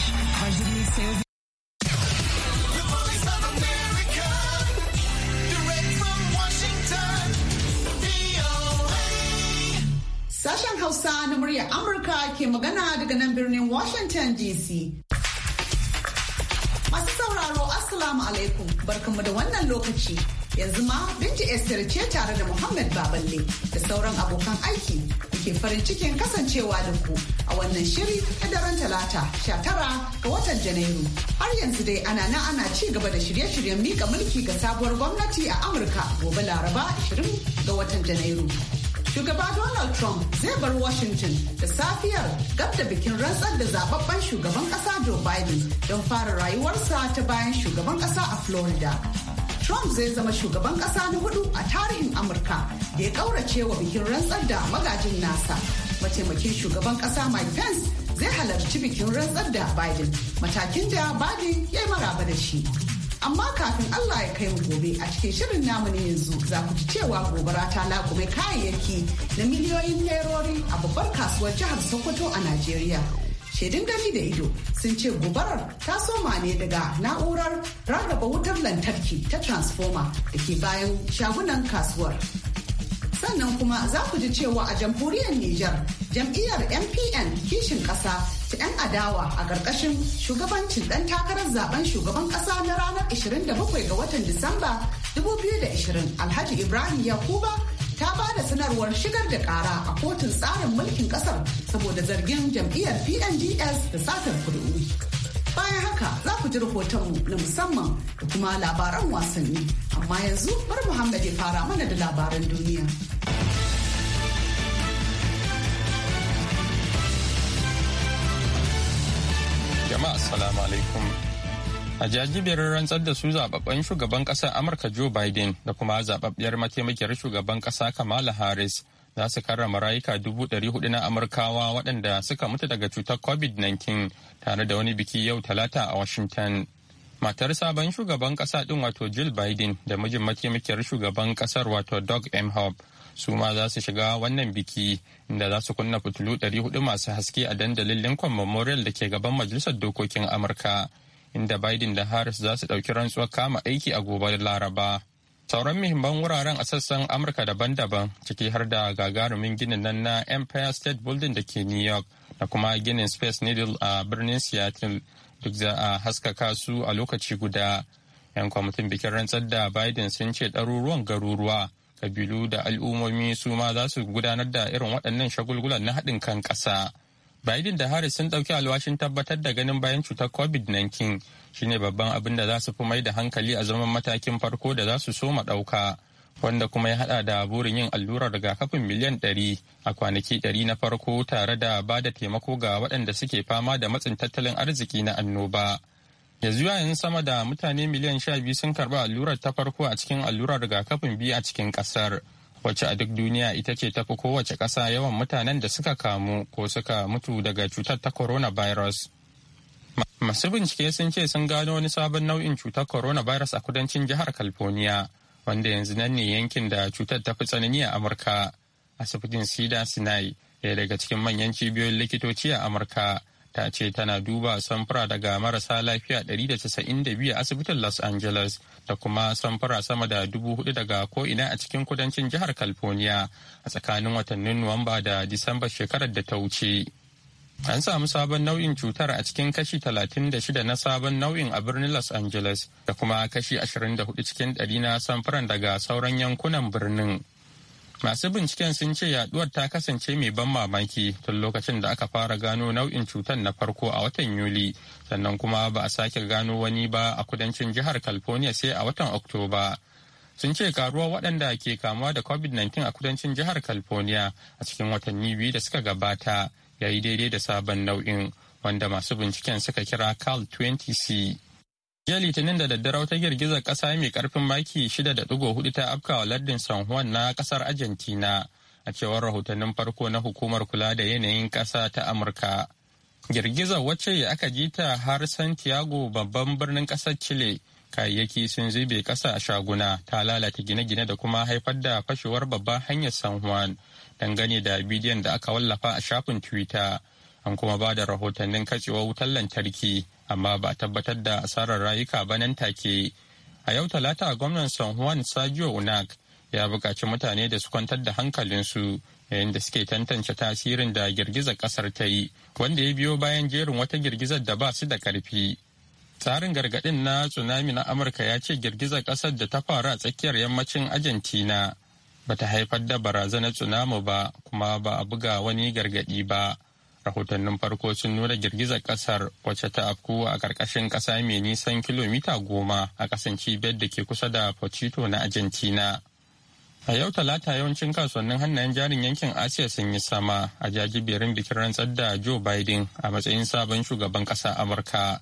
Sales. Sashen Hausa na muryar Amurka ke magana daga nan birnin Washington DC. Masu sauraro Assalamu alaikum barkanmu da wannan lokaci. Yanzu ma Binta Esther ce tare da Muhammad Baballe da sauran abokan aiki ke farin cikin kasancewa da ku a wannan shiri ta daren talata 19 ga watan Janairu. Har yanzu dai ana nan ana ci gaba da shirye-shiryen mika mulki ga sabuwar gwamnati a Amurka gobe Laraba 20 ga watan Janairu. Shugaba Donald Trump zai bar Washington da safiyar gab da bikin rantsar da zababben shugaban kasa Joe Biden don fara rayuwarsa ta bayan shugaban kasa a Florida. Trump zai zama shugaban kasa na hudu a tarihin Amurka da ya kaurace wa bikin rantsar da magajin nasa. Mataimakin shugaban kasa Mike Pence zai halarci bikin rantsar da Biden, matakin da Biden ya yi maraba da shi. Amma kafin Allah ya kai mu gobe a cikin shirin namu ne yanzu za ku ji cewa gobara ta laƙume kayayyaki na miliyoyin nerori a babbar kasuwar jihar Sokoto a Najeriya. shaidun gani da ido sun ce gobarar ta soma ne daga na'urar rarraba wutar lantarki ta transformer da ke bayan shagunan kasuwar sannan kuma za ku ji cewa a jamhuriyar niger jam'iyyar MPN kishin kasa ta 'yan adawa a ƙarƙashin shugabancin ɗan takarar zaben shugaban ƙasa na ranar 27 ga watan Disamba 2020 Alhaji Ibrahim Yakuba ta ba da sanarwar shigar da kara a kotun tsarin mulkin kasar saboda zargin jam'iyyar pnds da satar kuri'u bayan haka za ku ji rahotonmu na musamman da kuma labaran wasanni amma yanzu bar muhammad ya fara mana da labaran duniya jama'a assalamu alaikum a jajibiyar rantsar da su zababben shugaban ƙasar amurka joe biden da kuma zababbiyar mataimakiyar shugaban ƙasa kamala harris za su karrama rayuka dubu ɗari hudu na amurkawa waɗanda suka mutu daga cutar covid-19 tare da wani biki yau talata a washington matar sabon shugaban ƙasa ɗin wato jill biden da mijin mataimakiyar shugaban ƙasar wato doug m su ma za su shiga wannan biki inda za su kunna fitilu hudu masu haske a dandalin lincoln memorial da ke gaban majalisar dokokin amurka inda Biden da Harris za su ɗauki rantsuwar kama aiki a gobe da Laraba. Sauran muhimman wuraren a sassan Amurka daban-daban ciki har da gagarumin ginin nan na Empire State Building da ke New York da kuma ginin Space Needle a birnin Seattle duk za a haskaka su a lokaci guda. 'Yan kwamitin bikin rantsar da Biden sun ce ɗaruruwan garuruwa, kabilu da al'ummomi su ma za su gudanar da irin waɗannan shagulgulan na haɗin kan ƙasa. Biden da Harris sun ɗauki alwashin tabbatar da ganin bayan cutar COVID-19 shine babban abin da za su fi mai da hankali a zaman matakin farko da za su soma ɗauka, wanda kuma ya haɗa da burin yin allurar rigakafin miliyan 100 a kwanaki 100 na farko tare da ba da taimako ga waɗanda suke fama da matsin tattalin arziki na annoba. Yanzu yayin sama da mutane miliyan 12 sun karɓi allurar ta farko a cikin allurar rigakafin biyu a cikin ƙasar. wacce a duk duniya ita ce tafi kowace ƙasa yawan mutanen da suka kamu ko suka mutu daga cutar ta coronavirus. Masu bincike sun ce sun gano wani sabon nau'in cutar coronavirus a kudancin jihar California, wanda yanzu nan ne yankin da cutar ta fi tsanani a Amurka. Asibitin Sida Sinai, ɗaya daga cikin manyan cibiyoyin likitoci a Amurka, ta ce tana duba samfura daga marasa lafiya 192 a asibitin los angeles da kuma samfura sama da 4,000 daga ko'ina a cikin kudancin jihar california a tsakanin watannin nuwamba da disamba shekarar da ta wuce an samu sabon nau'in cutar a cikin kashi 36 na sabon nau'in a birnin los angeles da kuma kashi 24 cikin 100 na samfuran daga sauran yankunan birnin Masu binciken sun ce yaduwar ta kasance mai ban mamaki tun lokacin da aka fara gano nau'in cutar na farko a watan Yuli, sannan kuma ba a sake gano wani ba a kudancin jihar California sai a watan Oktoba. Sun ce karuwa waɗanda ke kamuwa da COVID-19 a kudancin jihar California a cikin watanni biyu da suka gabata ya yi daidai da sabon nau'in wanda masu binciken suka kira CAL 20C. jiya litinin da daddare wata girgizar kasa mai karfin maki 6.4 ta afkawa lardin san juan na kasar argentina a cewar rahotannin farko na hukumar kula da yanayin kasa ta amurka girgizar wacce aka ji ta har santiago babban birnin kasar chile kayayyaki sun zube kasa a shaguna ta lalata gine-gine da kuma haifar da fashewar babban hanyar san juan dangane da bidiyon da aka wallafa a shafin twitter an kuma ba da rahotannin katsewar wutar lantarki amma ba a tabbatar da asarar rayuka ba nan take a yau talata gwamnan san juan sajo unak ya buƙaci mutane da su kwantar da hankalinsu yayin da suke tantance tasirin da girgizar ƙasar ta yi wanda ya biyo bayan jerin wata girgizar da ba su da ƙarfi tsarin gargaɗin na tsunami na amurka ya ce girgizar ƙasar da ta faru a tsakiyar yammacin argentina ba ta haifar da barazanar tsunami ba kuma ba a buga wani gargaɗi ba rahotannin farko sun nuna girgizar kasar wacce ta afku a ƙarƙashin ƙasa mai nisan kilomita goma a ƙasan cibiyar da ke kusa da Pochito na Argentina. A yau talata yawancin kasuwannin hannayen jarin yankin Asiya sun yi sama a jajiberin bikin rantsar da Joe Biden a matsayin sabon shugaban ƙasa Amurka.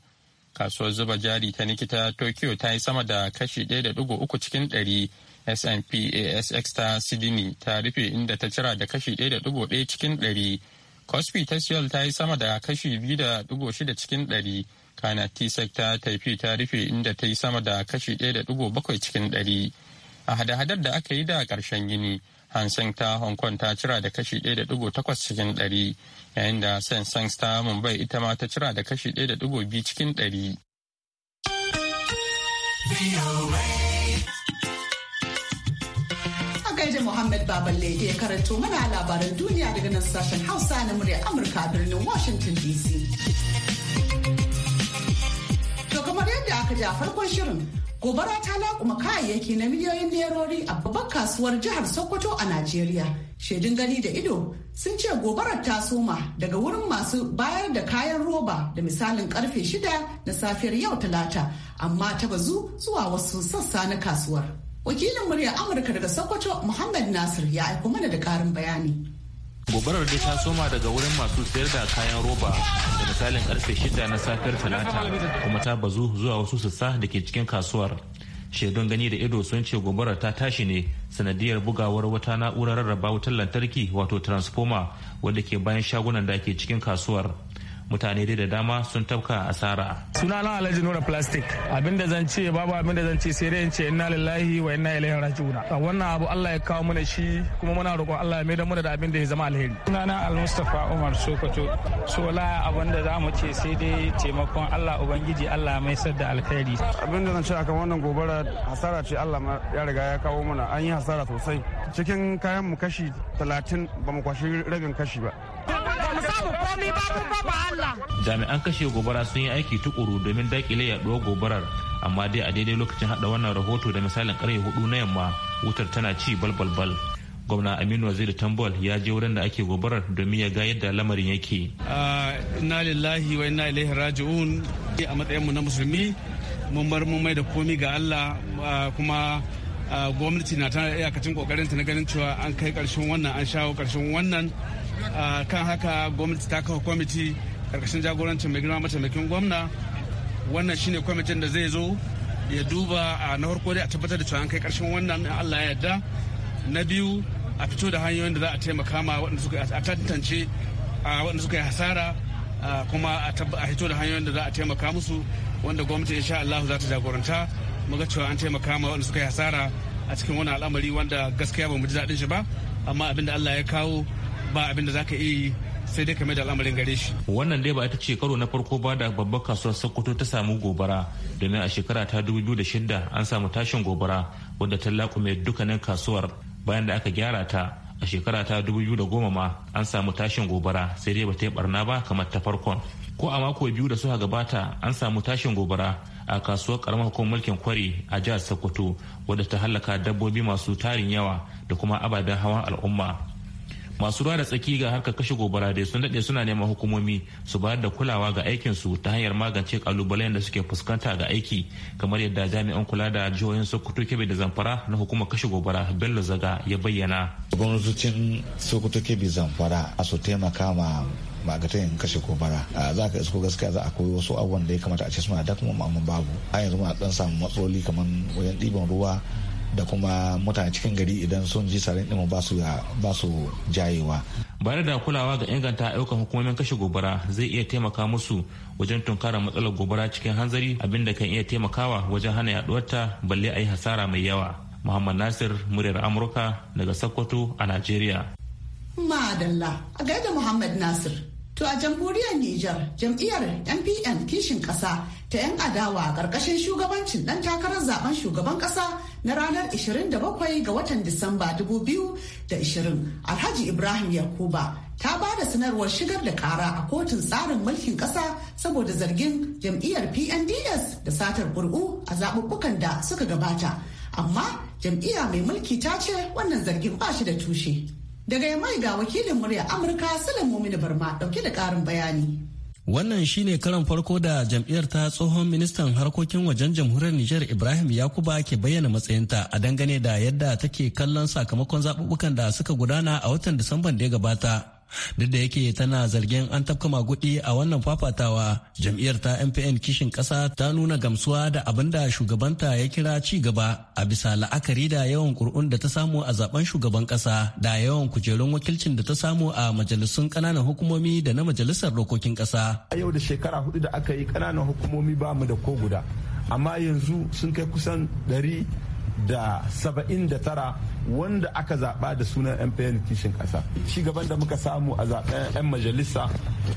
Kasuwar zuba jari ta nikita Tokyo ta yi sama da kashi ɗaya da uku cikin ɗari S&P ASX ta Sydney ta rufe inda ta cira da kashi ɗaya da ɗaya cikin ɗari. Cosby ta Seoul ta yi sama da kashi biyu da dubu shida cikin ɗari, kana T-Sec ta tafi ta rufe inda ta yi sama da kashi ɗaya da dubu bakwai cikin ɗari. A hada-hadar da aka yi da ƙarshen yini, Hansen ta Hong Kong ta cira da kashi ɗaya da dubu takwas cikin ɗari, yayin da Sang ta Mumbai ita ma ta cira da kashi ɗaya da dubu biyu cikin ɗari. gaida Muhammad Baballe ya karanto mana labaran duniya daga nan sashen Hausa na muryar Amurka a birnin Washington DC. To kamar yadda aka ji a farkon shirin gobara ta laƙuma kayayyaki na miliyoyin nerori a babbar kasuwar jihar Sokoto a Najeriya. Shaidun gani da ido sun ce gobarar ta soma daga wurin masu bayar da kayan roba da misalin karfe shida na safiyar yau talata amma ta bazu zuwa wasu sassa na kasuwar. wakilin murya amurka daga sokoto muhammad nasir ya aiko mana da karin bayani gobarar da ta soma daga wurin masu sayar da kayan roba da misalin karfe shida na safiyar talata kuma ta bazu zuwa wasu sassa da ke cikin kasuwar shaidun gani da ido sun ce gobarar ta tashi ne sanadiyar bugawar wata na'urar rarraba wutar lantarki wato transformer wadda ke bayan shagunan da ke cikin kasuwar mutane dai da dama sun tabka asara sunana alhaji nuna plastic abinda zan ce babu abinda zan ce sai dai in ce inna lillahi wa inna ilaihi raji'un wannan abu Allah ya kawo mana shi kuma muna roƙon Allah ya mai da mu da abin da ya zama alheri sunana almustafa umar sokoto sola abin da zamu ce sai dai taimakon Allah ubangiji Allah mai sadda alkhairi abin da zan ce akan wannan gobara hasara ce Allah ya riga ya kawo mana an yi hasara sosai cikin kayan mu kashi 30 ba mu kwashi rabin kashi ba Jami'an kashe gobara sun yi aiki tukuru domin dakile yaduwar gobarar amma dai a daidai lokacin hada wannan rahoto da misalin karfe hudu na yamma wutar tana ci balbalbal. gwamna aminu waziri tambol ya je wurin da ake gobarar domin ya ga yadda lamarin yake inna lillahi wa inna ilaihi raji'un a matsayinmu na musulmi mun bar mun mai da komi ga allah kuma gwamnati na ta iyakacin ta na ganin cewa an kai karshen wannan an shawo karshen wannan kan haka gwamnati ta kawo kwamiti karkashin jagorancin mai girma mataimakin gwamna wannan shine kwamitin da zai zo ya duba a na farko dai a tabbatar da cewa an kai karshen wannan allah ya yarda na biyu a fito da hanyoyin da za a taimaka ma waɗanda suka a tantance waɗanda suka yi hasara kuma a fito da hanyoyin da za a taimaka musu wanda gwamnati insha Allah za ta jagoranta ga cewa an taimaka ma waɗanda suka yi hasara a cikin wani al'amari wanda gaskiya ba mu ji daɗin shi ba amma abinda Allah ya kawo ba abin da za iya yi sai dai kamar da al'amarin gare shi. Wannan dai ba ita ce karo na farko ba da babbar kasuwar Sokoto ta samu gobara domin a shekara ta 2006 an samu tashin gobara wanda ta laƙume dukkanin kasuwar bayan da aka gyara ta a shekara ta 2010 ma an samu tashin gobara sai dai ba ta yi barna ba kamar ta farkon. Ko a mako biyu da suka gabata an samu tashin gobara a kasuwar karamar hukumar mulkin kwari a jihar Sokoto wadda ta hallaka dabbobi masu tarin yawa da kuma ababen hawan al'umma. masu ruwa da tsaki ga harkar kashe gobara dai sun daɗe suna neman hukumomi su bayar da kulawa ga aikinsu ta hanyar magance kalubalen da suke fuskanta ga aiki kamar yadda jami'an kula da jihohin sokoto kebe da zamfara na hukumar kashe gobara bello zaga ya bayyana gwamnatocin sokoto kebe zamfara a su taimaka ma yin kashe gobara za ka isko gaskiya za a koyi wasu abubuwan da ya kamata a ce suna da kuma babu a yanzu muna dan samu matsaloli kamar wajen ɗiban ruwa da kuma mutane cikin gari idan sun ji tsarin ɗin ba su jayewa. bayar da kulawa ga inganta ayyukan hukumomin kashe gobara zai iya taimaka musu wajen tunkara matsalar gobara cikin hanzari abinda kan iya taimakawa wajen hana yaduwarta balle a yi hasara mai yawa muhammad nasir muryar amurka daga sokoto a najeriya madalla a gaida muhammad nasir to a jamhuriyar nijar jam'iyyar npn kishin kasa ta 'yan adawa karkashin shugabancin dan takarar zaben shugaban kasa. na ranar 27 ga watan Disamba 2020 Alhaji Ibrahim Yakuba ta ba da sanarwar shigar da kara a kotun tsarin mulkin ƙasa saboda zargin jam'iyyar PNDS da satar ƙuri'u a zaɓuɓɓukan da suka gabata. Amma jam'iyya mai mulki ta ce wannan zargin ba shi da tushe. Daga yamai ga wakilin murya Amurka Sulaimu Muminu Barma ɗauke da ƙarin bayani. Wannan shine karan farko da jam'iyyar ta tsohon ministan harkokin wajen jamhuriyar Nijar Ibrahim Yakuba ke bayyana matsayinta a dangane da yadda take kallon sakamakon zaɓuɓɓukan da suka gudana a watan Disamban da ya gabata. duk da yake tana zargin an tafka maguɗi a wannan fafatawa jam'iyyar ta mpn kishin kasa ta nuna gamsuwa da abin da shugabanta ya kira ci gaba a bisa la'akari da yawan kur'un da ta samu a zaben shugaban kasa da yawan kujerun wakilcin da ta samu a majalisun kananan hukumomi da na majalisar dokokin kasa a yau da shekara hudu da aka yi ƙananan hukumomi ba mu da ko guda amma yanzu sun kai kusan ɗari da saba'in da tara wanda aka zaɓa da sunan 'yan fayyar kishin ƙasa shi gaban da muka samu a zaɓen 'yan majalisa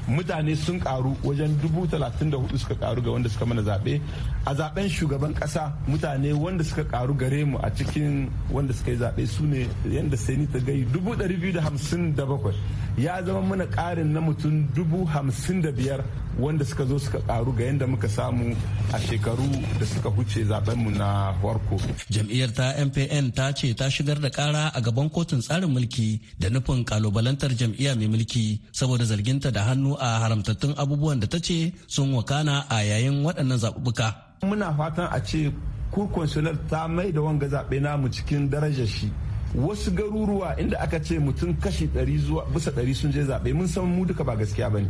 mutane sun ƙaru wajen dubu talatin da hudu suka ƙaru ga wanda suka mana zaɓe a zaɓen shugaban ƙasa mutane wanda suka ƙaru gare mu a cikin wanda suka yi zaɓe su ne yadda sai ta gai dubu ɗari biyu da hamsin da bakwai ya zama mana ƙarin na mutum dubu hamsin da biyar wanda suka zo suka karu ga yadda muka samu a shekaru da suka huce zabenmu na farko. Jam'iyyar ta MPN ta ce ta shigar da kara a gaban kotun tsarin mulki da nufin kalubalantar jam'iyya mai mulki saboda zarginta da hannu a haramtattun abubuwan da ta ce sun wakana a yayin waɗannan zaɓuɓɓuka. Muna fatan a ce kurkonsular ta mai da wanga zaɓe namu cikin darajar shi. wasu garuruwa inda aka ce mutum kashi ɗari zuwa bisa ɗari sun je zaɓe mun san mu duka ba gaskiya ba ne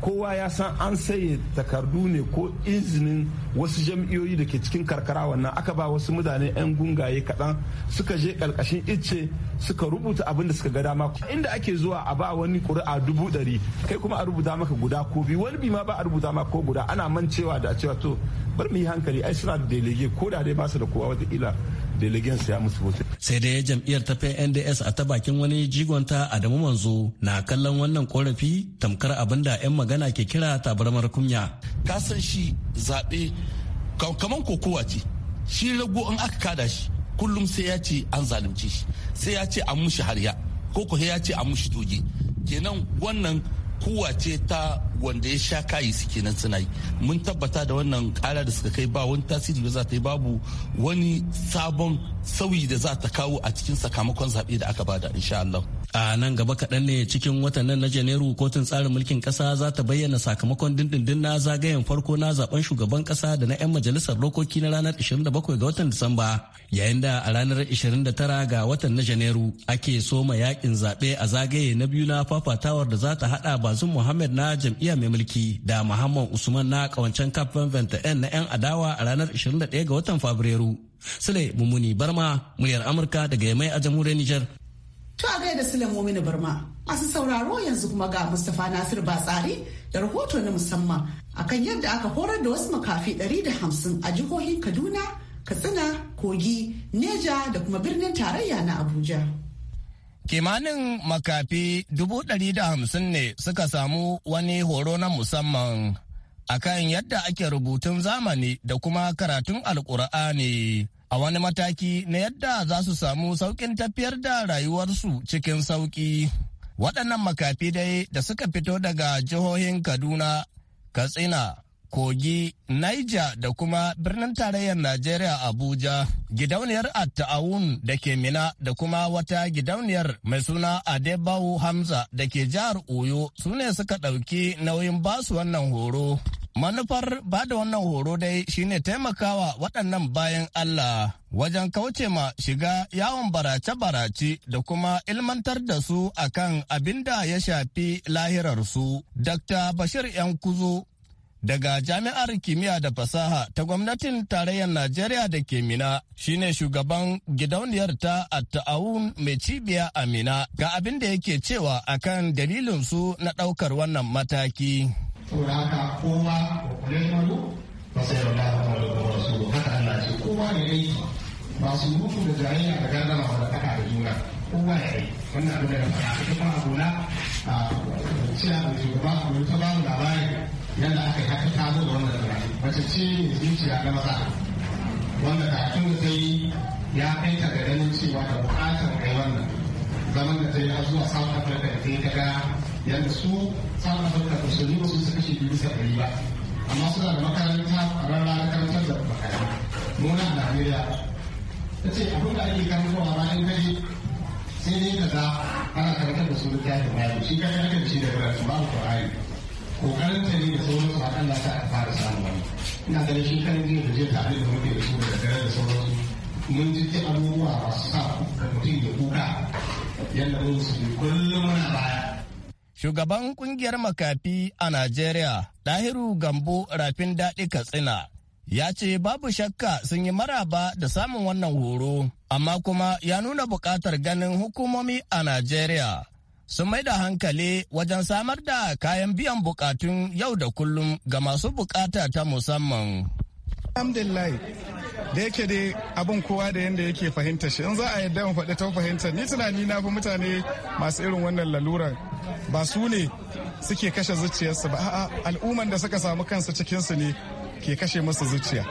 kowa ya san an saye takardu ne ko izinin wasu jam'iyoyi da ke cikin karkara wannan aka ba wasu mutane 'yan gungaye kaɗan suka je ƙarƙashin icce suka rubuta abin da suka ga dama inda ake zuwa a ba wani kuri'a dubu ɗari kai kuma a rubuta maka guda ko biyu wani bi ma ba a rubuta maka ko guda ana mancewa da cewa to bar mu yi hankali ai suna da delege ko da dai ba su da kowa wata ila delegens ya musu vote. Sai dai jam'iyyar ta PNDS a ta bakin wani jigonta Adamu Manzo na kallon wannan korafi tamkar abin da 'yan magana ke kira tabarmar kunya. Ka san shi zaɓe kaman kokowa ce shi rago in aka kada shi kullum sai ya ce an zalunce shi sai ya ce an mushi harya ko ko ya ce an mushi doge kenan wannan kuwa ce ta wanda ya sha kayi su kenan suna yi mun tabbata da wannan kara da suka kai ba wani tasiri da za ta yi babu wani sabon sauyi da za ta kawo a cikin sakamakon zaɓe da aka bada insha Allah. a nan gaba kaɗan ne cikin watan na janairu kotun tsarin mulkin ƙasa za ta bayyana sakamakon dindindin na zagayen farko na zaben shugaban ƙasa da na 'yan majalisar dokoki na ranar 27 ga watan disamba yayin da a ranar 29 ga watan na janairu ake soma yakin zaɓe a zagaye na biyu na fafatawar da za ta haɗa bazin muhammad na jam'iyyar jam'iyya mai mulki da Muhammad Usman na kawancen kafin 'yan na 'yan adawa a ranar 21 ga watan Fabrairu. Sule Mumuni Barma, muryar Amurka daga Yamai a jamhuriyar Nijar. To a gaida Sule Mumuni Barma, masu sauraro yanzu kuma ga Mustapha Nasir Batsari da rahoto na musamman akan yadda aka horar da wasu makafi 150 a jihohin Kaduna, Katsina, Kogi, Neja da kuma birnin tarayya na Abuja. Kimanin makafi dubu ɗari da hamsin ne suka samu wani horo na musamman a akan yadda ake rubutun zamani da kuma karatun alkur'ani a wani mataki na yadda za su samu saukin tafiyar da rayuwarsu cikin sauƙi. Waɗannan makafi dai da suka fito daga jihohin Kaduna, Katsina, Kogi, Niger da kuma birnin tarayyar Najeriya Abuja, gidauniyar Atta'awun da ke Mina da kuma wata gidauniyar mai suna Adebawu Hamza da ke jihar Oyo su ne suka ɗauki nauyin basu wannan horo. Manufar ba da wannan horo dai shine taimakawa waɗannan bayan Allah wajen kauce ma shiga yawon barace-barace da kuma ilmantar da su akan abin da ya shafi lahirarsu. Dr. Bashir Yankuzo daga jami'ar kimiyya da fasaha ta gwamnatin tarayyar najeriya da ke mina shine shugaban gidauniyar ta atta'awun mai cibiya a mina ga abin da yake cewa akan dalilin su na daukar wannan mataki masu mutu da jayayya da gardama da taka da juna kowa ya yi wannan abin da ya faɗa kuma abuna a cewa da fara a ta ba mu labari yadda aka yi haka ta zo da wannan zarafi mace ce mai zuciya na maza wanda kafin da ta yi ya kai ta da ganin cewa da bukatar kai wannan zaman da ta yi har zuwa south africa da ta yi ta ga yadda su south africa da su riba su suka shi biyu bisa ɗari ba amma suna da makaranta a rarra da karantar da makaranta muna a najeriya ta ce abin da ake karantarwa bayan kaji sai dai ka za ana karantar da su littafin bayan shi ka aka da shi da ba babu ƙwarari kokarin ta ne da sauran su hakan da ta fara samu wani ina ganin shi kan jin da je tare da muke da su da dare da sauran su mun ji ta abubuwa masu sa mutum da kuka yadda mun su kullum na baya Shugaban kungiyar makafi a Najeriya, Dahiru Gambo Rafin Daɗi Katsina, ya ce babu shakka sun yi maraba da samun wannan horo, amma kuma ya nuna buƙatar ganin hukumomi a Najeriya sun mai da hankali wajen samar da kayan biyan bukatun yau da kullum ga masu bukata ta musamman. Alhamdulillah da yake dai abin kowa da yadda yake fahimta shi in za a yadda mu faɗi ta fahimta ni tunani na fi mutane masu irin wannan lalurar ba su ne suke kashe zuciyarsu ba a'a al'umman da suka samu kansu cikinsu ne ke kashe musu zuciya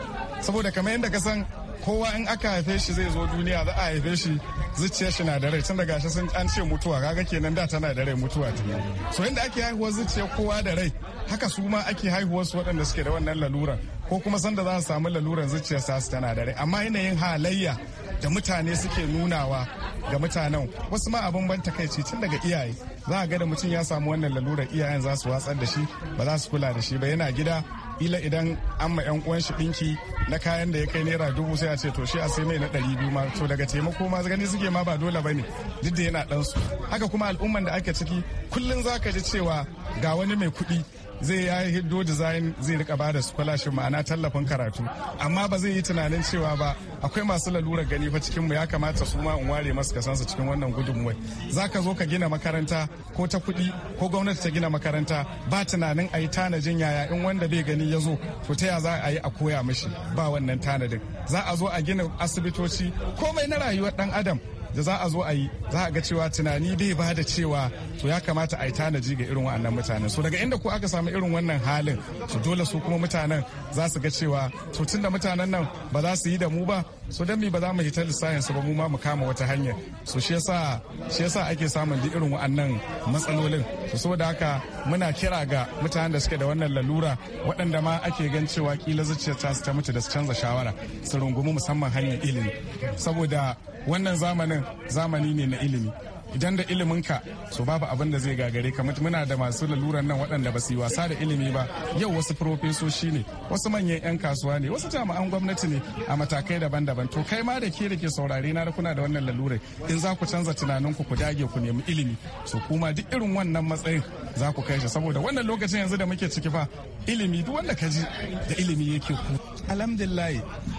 saboda kamar yadda ka san kowa in aka haife shi zai zo duniya za a haife shi zuciyar shi na da rai tun daga shi sun an ce mutuwa kaga kenan da tana da rai mutuwa ta so inda ake haihuwar zuciyar kowa da rai haka su ma ake haihuwar su waɗanda suke da wannan laluran ko kuma sanda za su samu laluran zuciyar sa su tana da rai amma yanayin halayya da mutane suke nunawa ga mutanen wasu ma abin ban takaici tun daga iyaye za a ga da mutum ya samu wannan laluran iyayen za su watsar da shi ba za su kula da shi ba yana gida kila idan an ma yan uwan shi dinki na kayan da ya kai naira dubu sai a ce to shi a sai mai na ɗari biyu ma to daga taimako ma gani suke ma ba dole ba ne duk da yana ɗansu haka kuma al'umman da ake ciki kullum zaka ji cewa ga wani mai kuɗi zai ya hiddo design zai rika ba da scholarship ma'ana tallafin karatu amma ba zai yi tunanin cewa ba akwai masu lalurar gani fa cikin mu ya kamata su ma in ware masu su cikin wannan gudunmuwai zaka zo ka gina makaranta ko ta kuɗi ko gwamnati ta gina makaranta ba tunanin a yi tanajin yaya in wanda bai gani ya zo to ta ya za a yi a koya mishi ba wannan tanadin za a zo a gina asibitoci komai na rayuwar dan adam da za a zo a yi za a ga cewa tunani bai ba da cewa to ya kamata a yi tanaji ga irin waɗannan mutanen so daga inda ko aka samu irin wannan halin to dole su kuma mutanen za su ga cewa to tunda mutanen nan ba za su yi da mu ba so dan mi ba za mu hita lissayin ba mu ma mu kama wata hanya so shi yasa shi yasa ake samun duk irin wa'annan matsalolin so saboda haka muna kira ga mutanen da suke da wannan lalura waɗanda ma ake gan cewa kila zuciyar ta su ta mutu da su canza shawara su rungumi musamman hanyar ilimi saboda wannan zamanin zamani ne na ilimi idan da iliminka so babu abin da zai gagare ka muna da masu laluran nan waɗanda ba su yi wasa da ilimi ba yau wasu profesoshi ne wasu manyan 'yan kasuwa ne wasu jami'an gwamnati ne a matakai daban-daban to kai ma da ke da ke saurare na da kuna da wannan lalurai in za ku canza tunaninku ku dage ku nemi ilimi so kuma duk irin wannan matsayin za ku kai shi saboda wannan lokacin yanzu da muke ciki fa ilimi duk wanda ka ji da ilimi yake ku alhamdulillah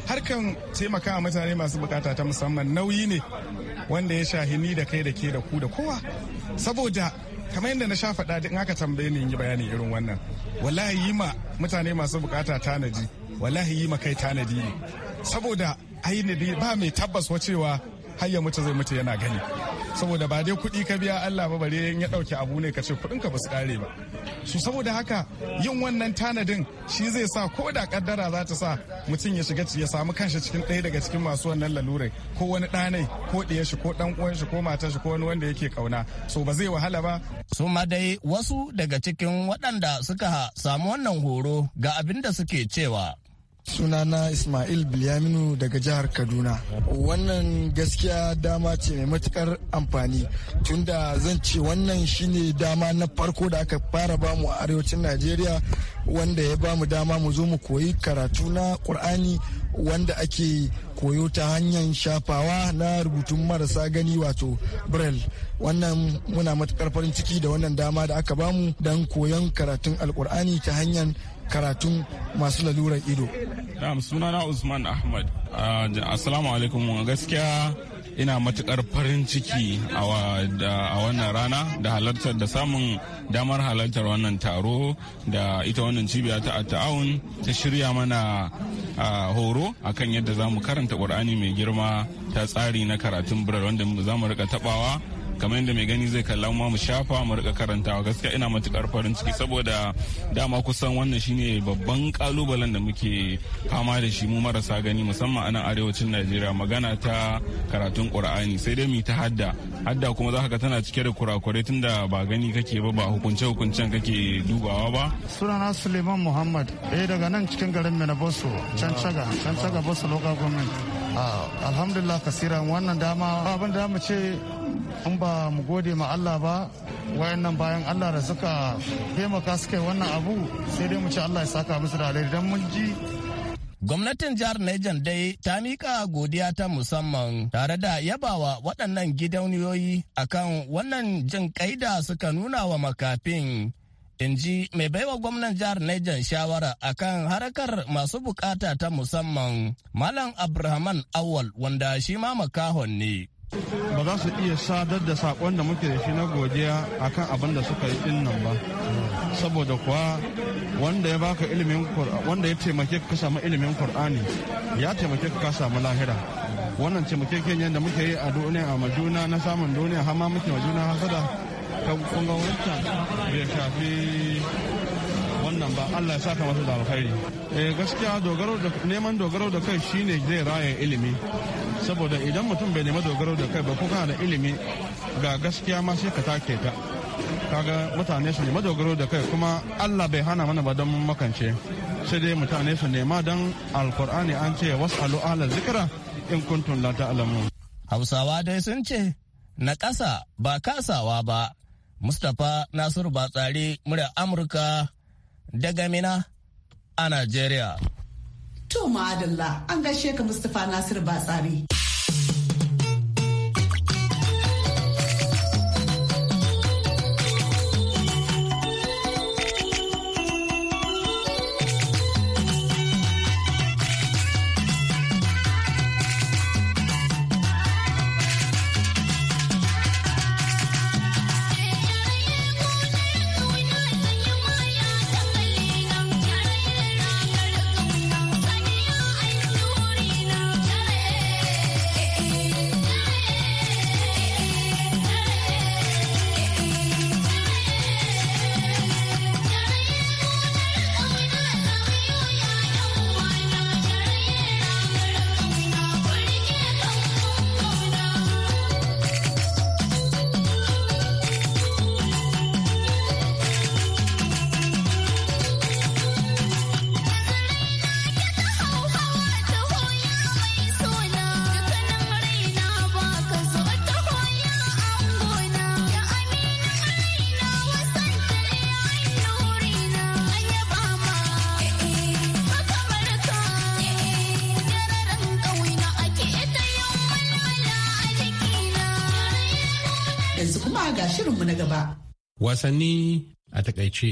harkan taimaka mutane masu bukata ta musamman nauyi ne wanda ya shahini da kai da ke da da ku da kowa saboda kamar yadda na sha faɗa in aka tambaye ni in yi bayani irin wannan wallahi yi ma mutane masu bukata tanadi wallahi yi ma kai tanadi ne saboda ainihi ba mai tabbas wacewa har ya mutu zai mutu yana gani saboda ba dai kuɗi ka biya Allah ba bare ya ɗauki abu ne ka ce kuɗin ka basu kare ba su saboda haka yin wannan tanadin shi zai sa ko da kaddara za ta sa mutum ya shiga ya samu kanshi cikin ɗaya daga cikin masu wannan lalurai ko wani ɗanai ko ɗiyar shi ko ɗan uwan shi ko matar shi ko wani wanda yake kauna so ba zai wahala ba su ma dai wasu daga cikin waɗanda suka samu wannan horo ga abin da suke cewa sunana ismail bilyaminu daga jihar kaduna wannan gaskiya dama ce mai matukar amfani tunda zan ce wannan shine dama na farko da aka fara bamu a arewacin najeriya wanda ya bamu dama mu zo mu koyi karatu na ƙur'ani wanda ake koyo ta hanyar shafawa na rubutun marasa gani wato braille wannan muna matukar farin ciki da wannan dama da aka bamu don koyon karatun alkur'ani ta hanyar karatun masu lalurar ido. sunana Usman Ahmad. Ah, assalamu alaikum gaskiya ina matukar farin ciki a wannan rana da halartar da samun damar halartar wannan taro da ita wannan cibiya ta ta'awun ta shirya mana ah, horo akan yadda za mu karanta ƙur'ani mai girma ta tsari na karatun birar wanda za mu rika tabawa kamar yadda mai gani zai kalla mu shafa mu rika karantawa gaskiya ina matukar farin ciki saboda dama kusan wannan shine babban kalubalen da muke fama da shi mu marasa gani musamman a nan arewacin Najeriya magana ta karatun Qur'ani sai dai mu ta hadda hadda kuma zaka ga tana cike da kurakurai tunda ba gani kake ba ba hukunce hukuncen kake dubawa ba sunana Suleiman Muhammad eh daga nan cikin garin menabosu na can caga can caga Bosso local government Ah, alhamdulillah kasira wannan dama abin da ce in ba mu gode ma Allah ba wayannan bayan Allah da suka taimaka suka wannan abu sai dai mu ce Allah ya saka musu da alheri dan mun ji Gwamnatin jihar Niger dai ta mika godiya ta musamman tare da yabawa waɗannan gidauniyoyi akan wannan jin ƙaida suka nuna wa makafin in ji mai baiwa gwamnan jihar Niger shawara akan harakar masu bukata ta musamman Malam Abrahaman Awal wanda shi ma makahon ne. ba za su iya sadar da sakon da muke da shi na godiya akan abin da suka yi din nan ba saboda kuwa wanda ya baka ilimin wanda ya taimake ka samu ilimin Qur'ani ya taimake ka samu lahira wannan taimakekeniyan da muke yi a duniya a majuna na samun duniya hama muke majuna hasada kun ga wancan bai shafi wannan ba allah ya saka masu da alkhairi eh, gaskiya neman dogaro da kai shine zai raya ilimi saboda idan mutum bai nema dogaro da kai ba ko kana da ilimi ga gaskiya ma sai ka take ta kaga mutane su nema dogaro da kai kuma allah bai hana mana ba don makance sai dai mutane su nema don alkur'ani an ce wasu ala zikira in kuntun la ta'lamun hausawa dai sun ce na ƙasa ba kasawa ba Mustapha Nasiru Batsari murya Amurka daga Mina a Najeriya. To ma'adalla an gaishe ka Mustapha Nasiru Batsari. na gaba. Wasanni a takaice.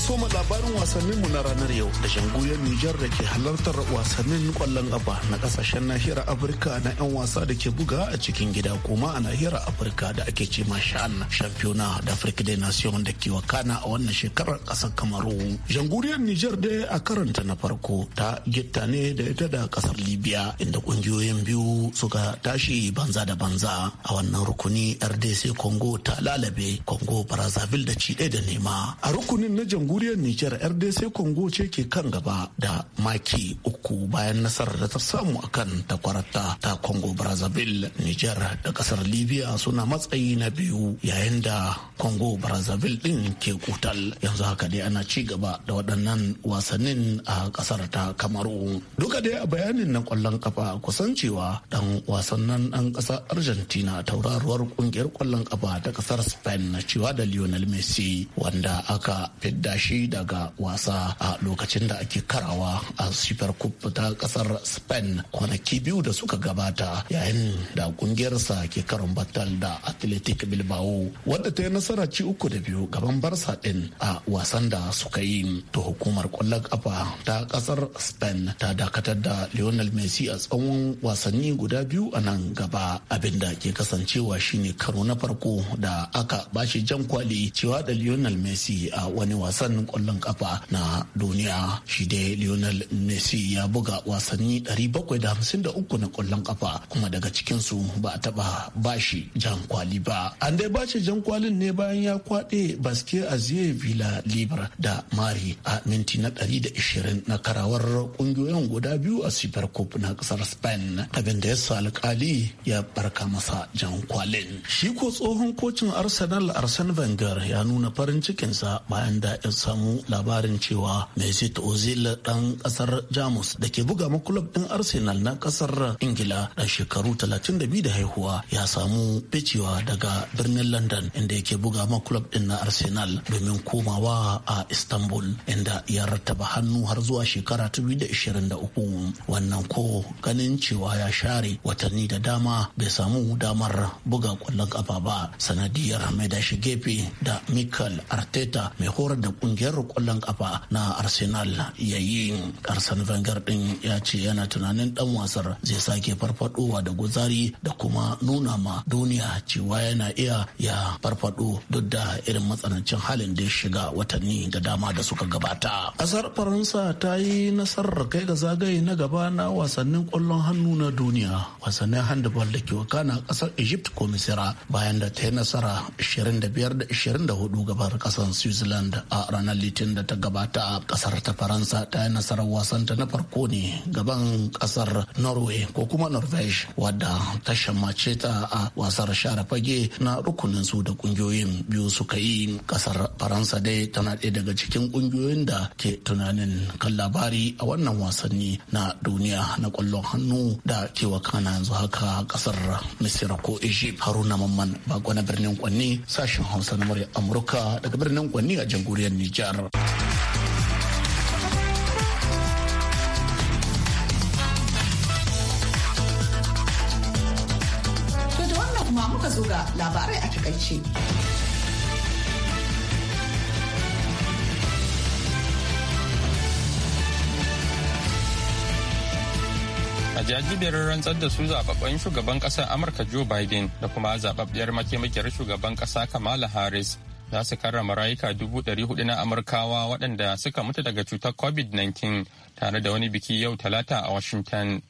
soma labarin wasanninmu na ranar yau da shanguyar Nijar da ke halartar wasannin kwallon kafa na kasashen nahiyar Afirka na 'yan wasa da ke buga a cikin gida kuma a nahiyar Afirka da ake ce shan shampiyona da Afirka de Nation da ke wakana a wannan shekarar kasar Kamaru. Janguriyar Nijar da a karanta na farko ta gitta ne da ita da kasar Libya inda kungiyoyin biyu suka tashi banza da banza a wannan rukuni RDC Congo ta lalabe Congo Brazzaville da ci da nema. A rukunin na jamhuriyar nijar rdc congo ce ke kan gaba da maki uku bayan nasarar da ta samu akan takwarata ta congo brazzaville nijar da kasar libya suna matsayi na biyu yayin da congo brazzaville din ke kutal yanzu haka dai ana ci gaba da waɗannan wasannin a kasar ta kamaru duka dai a bayanin na kwallon kafa kusan cewa dan wasan nan dan kasa argentina tauraruwar kungiyar kwallon kafa ta kasar spain na cewa da lionel messi wanda aka fidda shi daga wasa a lokacin da ake karawa a super cup ta kasar spain kwanaki biyu da suka gabata yayin da kungiyarsa ke karin batal da athletic bilbao wadda ta yi nasara ci uku da biyu gaban barsa din a wasan da suka yi to hukumar kwallon kafa ta kasar spain ta dakatar da lionel messi a tsawon wasanni guda biyu a nan gaba abinda ke kasancewa shine karo na farko da aka bashi jan kwali cewa da lionel messi a wani wasa wasannin kwallon kafa na duniya shi dai lionel messi ya buga wasanni 753 na kwallon kafa kuma daga cikinsu ba a taba bashi jan kwali ba an dai bashi jan kwalin ne bayan ya kwaɗe baske azie villa libra da mari a minti na 120 na karawar kungiyoyin guda biyu a super cup na kasar spain abin da ya sa alkali ya barka masa jan kwalin shi ko tsohon kocin arsenal arsene wenger ya nuna farin cikinsa bayan da kan samu labarin cewa Mesut Ozil dan kasar Jamus da ke buga makulab din Arsenal na kasar Ingila da shekaru 32 da haihuwa ya samu ficewa daga birnin London inda yake buga makulab din na Arsenal domin komawa a Istanbul inda ya rattaba hannu har zuwa shekara 2023 wannan ko ganin cewa ya share watanni da dama bai samu damar buga kwallon kafa ba sanadiyar mai da shi gefe da Mikel Arteta mai horar da kungiyar kwallon kafa na arsenal yayi arsene wenger din ya ce yana tunanin dan wasar zai sake farfadowa da guzari da kuma nuna ma duniya cewa yana iya ya farfado duk da irin matsanancin halin da ya shiga watanni da dama da suka gabata kasar faransa ta yi nasarar kai ga zagaye na gaba na wasannin kwallon hannu na duniya wasannin handball da ke wakana kasar egypt ko misira bayan da ta yi nasara 25 da 24 gabar kasar switzerland a ranar litinin da ta gabata a kasar ta faransa ta yi nasarar wasanta na farko ne gaban kasar norway ko kuma norvege wadda ta shammace ta a wasar share fage na rukunin su da kungiyoyin biyu suka yi kasar faransa dai tana ɗaya daga cikin kungiyoyin da ke tunanin kan labari a wannan wasanni na duniya na kwallon hannu da ke wakana yanzu haka kasar misira ko egypt haruna mamman bako na birnin kwanni sashen hausa na murya amurka daga birnin kwanni a jamhuriyar Nijar. kuma muka zo ga labarai a takaice. a jajibiyar rantsar da su zababben shugaban kasar amurka joe biden da kuma zababbiyar makemakiyar shugaban kasa kamala harris za su karrama rayuka dubu ɗari hudu na amurkawa waɗanda suka mutu daga cutar covid-19 tare da wani biki yau talata a washington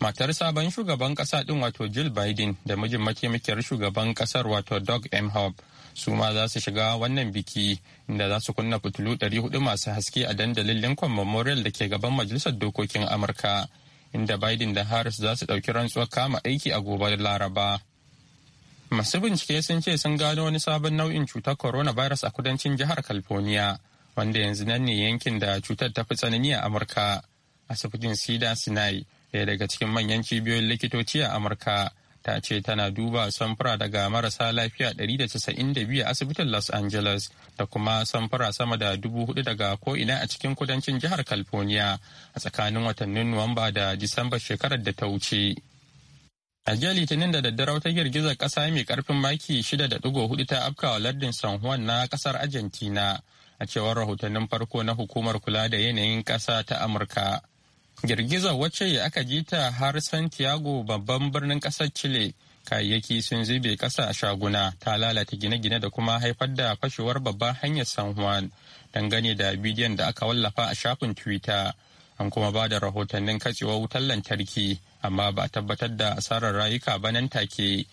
matar sabon shugaban ƙasa ɗin wato jill biden da mijin mataimakiyar shugaban ƙasar wato doug m hub su ma za su shiga wannan biki inda za su kunna fitilu ɗari hudu masu haske a dandalin lincoln memorial da ke gaban majalisar dokokin amurka inda biden da harris za su ɗauki rantsuwar kama aiki a gobe laraba Masu bincike sun ce sun gano wani sabon nau'in cutar corona virus a kudancin jihar California, wanda yanzu nan ne yankin da cutar ta fi tsanani a Amurka. Asibitin Sida Sinai, daya daga cikin manyan cibiyoyin likitoci a Amurka, ta ce tana duba samfura daga marasa lafiya 192 a asibitin Los Angeles da kuma samfura sama da dubu hudu daga ko'ina a cikin kudancin jihar California a tsakanin watannin Nuwamba da Disamba shekarar da ta wuce. A jiya Litinin da daddare wata girgizar ƙasa mai ƙarfin maki 6.4 ta afkawa lardin San Juan na ƙasar Argentina a cewar rahotannin farko na hukumar kula da yanayin ƙasa ta Amurka. Girgizar wacce aka ji ta har Santiago babban birnin ƙasar Chile kayayyaki sun zube ƙasa a shaguna ta lalata gine-gine da kuma haifar da fashewar babban hanyar San Juan dangane da bidiyon da aka wallafa a shafin Twitter. An kuma ba da rahotannin katsewar wutar lantarki amma ba a tabbatar da asarar rayuka ba nan take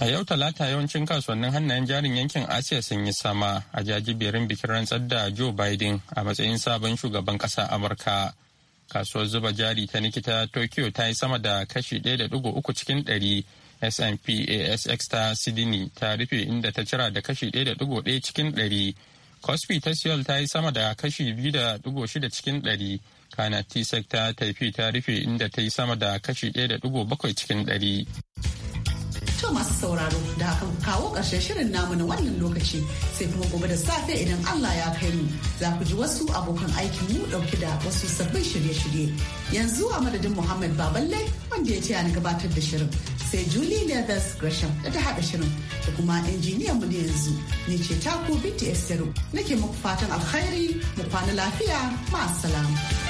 a yau talata yawancin kasuwannin hannayen jarin yankin asiya sun yi sama a jajiberin bikin rantsar da joe biden a matsayin sabon shugaban ƙasa amurka kasuwar zuba jari ta nikita tokyo ta yi sama da kashi 1.3 cikin 100 S&P ASX ta Sydney ta rufe inda ta cira da kashi da 1.1 cikin 100 Cosby ta Seoul ta yi sama da kashi biyu da shida cikin ɗari, kana T-Sec ta taifi ta rufe inda ta yi sama da kashi ɗaya da bakwai cikin ɗari. To masu sauraro da haka kawo ƙarshen shirin namu na wannan lokaci sai kuma gobe da safe idan Allah ya kai mu za ku ji wasu abokan aikin mu ɗauki da wasu sabbin shirye-shirye. Yanzu a madadin Muhammad Baballe wanda ya ce ni gabatar da shirin sai Julie Leathers Gresham da ta haɗa shirin da kuma injiniyan mu yanzu ne ce taku BTS Yaro nake muku fatan alkhairi mu kwana lafiya ma salamu.